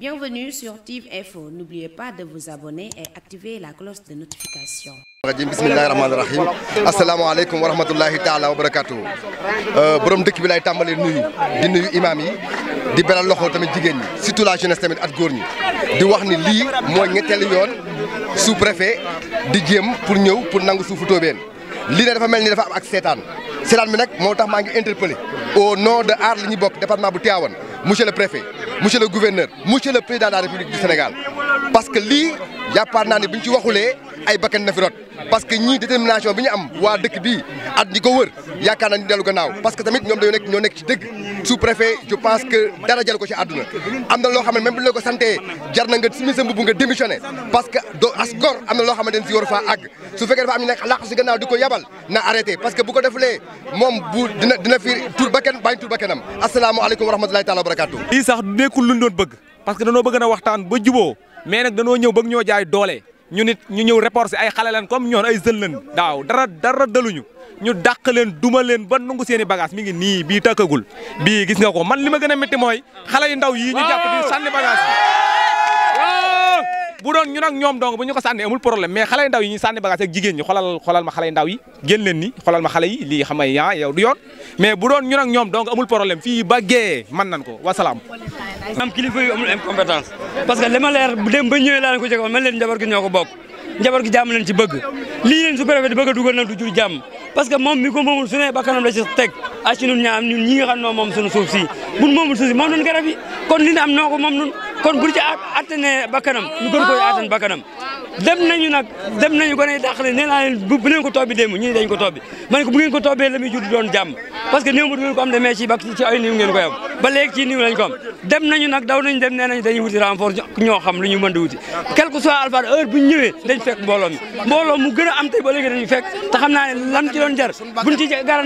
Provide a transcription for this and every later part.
Bienvenue sur TIV Info. N'oubliez pas de vous abonner et activer la cloche de notification. rajim alaikum rahmaani wa rahmatullahi taala wa barakatuhu euh, borom dëkk bi lay tàmbalee nuyu di nuyu imam yi di beral loxo tamit jigéen ñi surtout la jeunesse tamit at goor ñi di wax ni li yoon sous préfet di jëm pour ñëw pour nangu suufu de li ne dafa melni dafa am ak sétane sétane bi nak motax ma ngi interpellé au nom de aar li département bu monsieur le préfet monsieur le gouverneur monsieur le président de la république du Sénégal parce que lui... jàppaar naa ne bi ñu ci waxulee ay bakkan na fi rot parce que ñii détermination bi ñu am waa dëkk bii at ñi wër yaakaar naa ñu dellu gannaaw parce que tamit ñoom dañoo nekk ñoo nekk ci dëgg sous préfet je dara jël ko ci àdduna am na loo xam ne même bu ñu ko jar na nga simi mbubb nga démissionné parce que doo as gor am na loo xamante ne si waru faa àgg su fekkee dafa am ñu nekk si gannaaw di ko yabal na arrêté parce que bu ko defulee moom bu dina dina fi tur bakkan bàyyi tur bakkanam asalaamaaleykum wa rahmatulahi taala wa barakatu mais nag danoo ñëw bëgg ñoo jaay doole ñu nit ñu ñëw reporté ay xale lan comme ñoon ay jeunes lan daaw dara dara daluñu ñu dàq leen duma leen ba nangu seen i bagage mi ngi nii bii takkagul bii gis nga ko man li ma gën a métti mooy xale yu ndaw yii ñu jàpp di sànni bagage bu doon ñu ñoom dong bu ñu ko sànni amul problème mais xale ndaw ñu sànni bagage ak ñi xolal ma xale ndaw yi génn leen ma xale lii xam yaa ah, yow du yoon mais bu ñoom dong amul problème fii ba gee ko wasalaam am ko jógoon man leen ñoo ko bokk njaboot gi jàmm ci bëgg lii leen su préfet di bëgg a dugal na du jur parce que moom mi ko moomul su ne bakkanam la ci teg ah ci ñun ñaam ñi nga noo moom suñu suuf si kon bu ci attanee bakkanam ñu gën koy attan bakkanam dem nañu nag dem nañu gone yi dàqale nee naa leen bu leen ko toobi démb ñii dañ ko toobi ma ko bu ko toobee la muy jur doon jàmm parce que néew ma ko am demee ci bak ci ay néew ngeen koy ba léegi ci niw lañ ko dem nañu nag daw nañ dem nee nañ dañuy wuti renfort ñoo xam lu ñu mën di wuti quel que soit alpha heure bu ñu ñëwee dañ fekk mi mbooloo mu gën a am tey ba léegi dañu fekk te xam naa ne lan ci doon jar bu jëlee ci gar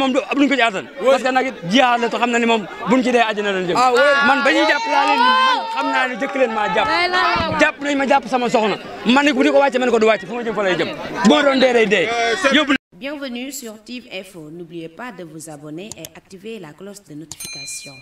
moom duñ ko ci attan parce la te xam na ne moom buñ ci dee àjjana lañ jëm ah, man man xam naa ne jëkk ma jàpp sama soxna man ni di ko wàcce man ko du wàcce fu ma jëm fa lay bu ma doon dee day dee eh, Bienvenue sur TIV Info. N'oubliez pas de vous abonner et activer la cloche de notification.